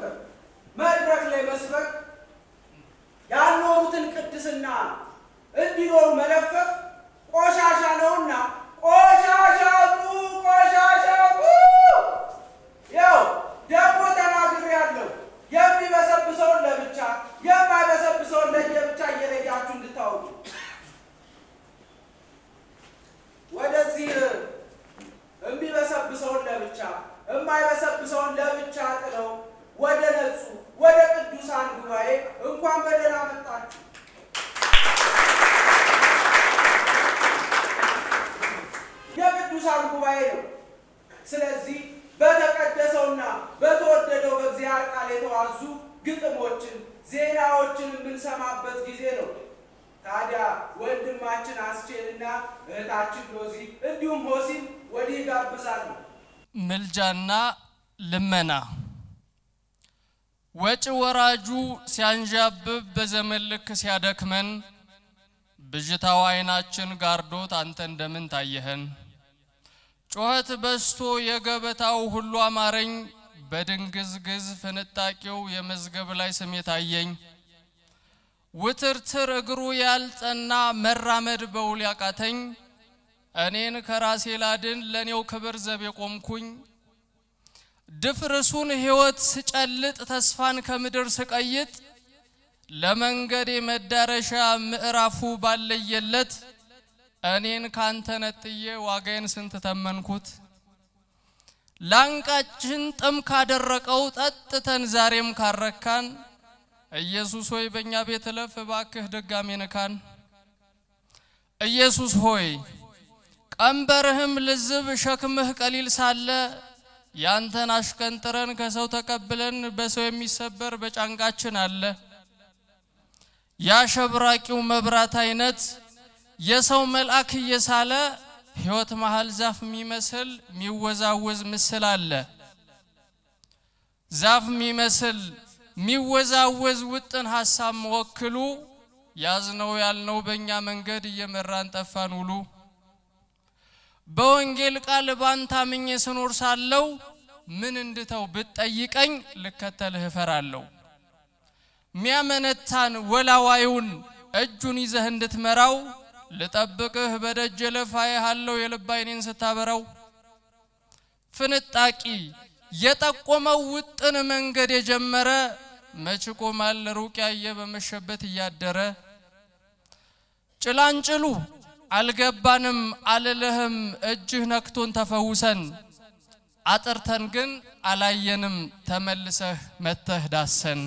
ፍቅር መድረክ ላይ መስበክ ያልኖሩትን ቅድስና እንዲኖሩ መለፈፍ ቆሻሻ ነውና ቆሻሻ ቆሻሻ ያው ደግሞ ተናግሬ ያለው የሚበሰብሰውን ለብቻ የማይበሰብሰውን ለየብቻ እየለያችሁ እንድታወቁ ወደዚህ የሚበሰብሰውን ለብቻ የማይበሰብሰውን ለብቻ ጥለው ስለዚህ በተቀደሰውና በተወደደው በእግዚአብሔር ቃል የተዋዙ ግጥሞችን፣ ዜናዎችን የምንሰማበት ጊዜ ነው። ታዲያ ወንድማችን አስቼንና እህታችን ሎዚ እንዲሁም ሆሲን ወዲህ ጋብዛሉ። ምልጃና ልመና ወጪ ወራጁ ሲያንዣብብ በዘመን ልክ ሲያደክመን ብዥታው አይናችን ጋርዶት አንተ እንደምን ታየህን ጩኸት በስቶ የገበታው ሁሉ አማረኝ። በድንግዝግዝ ፍንጣቂው የመዝገብ ላይ ስሜ ታየኝ። ውትርትር እግሩ ያልጠና መራመድ በውል ያቃተኝ እኔን ከራሴ ላድን ለእኔው ክብር ዘቤ ቆምኩኝ! ድፍርሱን ሕይወት ስጨልጥ ተስፋን ከምድር ስቀይጥ ለመንገዴ መዳረሻ ምዕራፉ ባለየለት እኔን ካንተ ነጥዬ ዋጋዬን ስንት ተመንኩት ላንቃችን ጥም ካደረቀው ጠጥተን ዛሬም ካረካን ኢየሱስ ሆይ በእኛ ቤት እለፍ እባክህ ድጋሜ ንካን። ኢየሱስ ሆይ ቀንበርህም ልዝብ ሸክምህ ቀሊል ሳለ ያንተን አሽቀንጥረን ከሰው ተቀብለን በሰው የሚሰበር በጫንቃችን አለ ያሸብራቂው መብራት አይነት የሰው መልአክ እየሳለ ህይወት መሀል ዛፍ የሚመስል የሚወዛወዝ ምስል አለ። ዛፍ የሚመስል የሚወዛወዝ ውጥን ሀሳብ መወክሉ ያዝነው ያልነው በእኛ መንገድ እየመራን ጠፋን ውሉ። በወንጌል ቃል ባንታ ምኜ ስኖር ሳለው ምን እንድተው ብትጠይቀኝ ልከተልህ እፈራለሁ። ሚያመነታን ወላዋዩን እጁን ይዘህ እንድትመራው ልጠብቅህ በደጀ ልፍ የልብ አይኔን ስታበራው ፍንጣቂ የጠቆመው ውጥን መንገድ የጀመረ መች ቆማል ሩቅ ያየ በመሸበት እያደረ ጭላንጭሉ አልገባንም አልልህም እጅህ ነክቶን ተፈውሰን አጥርተን ግን አላየንም ተመልሰህ መተህ ዳሰን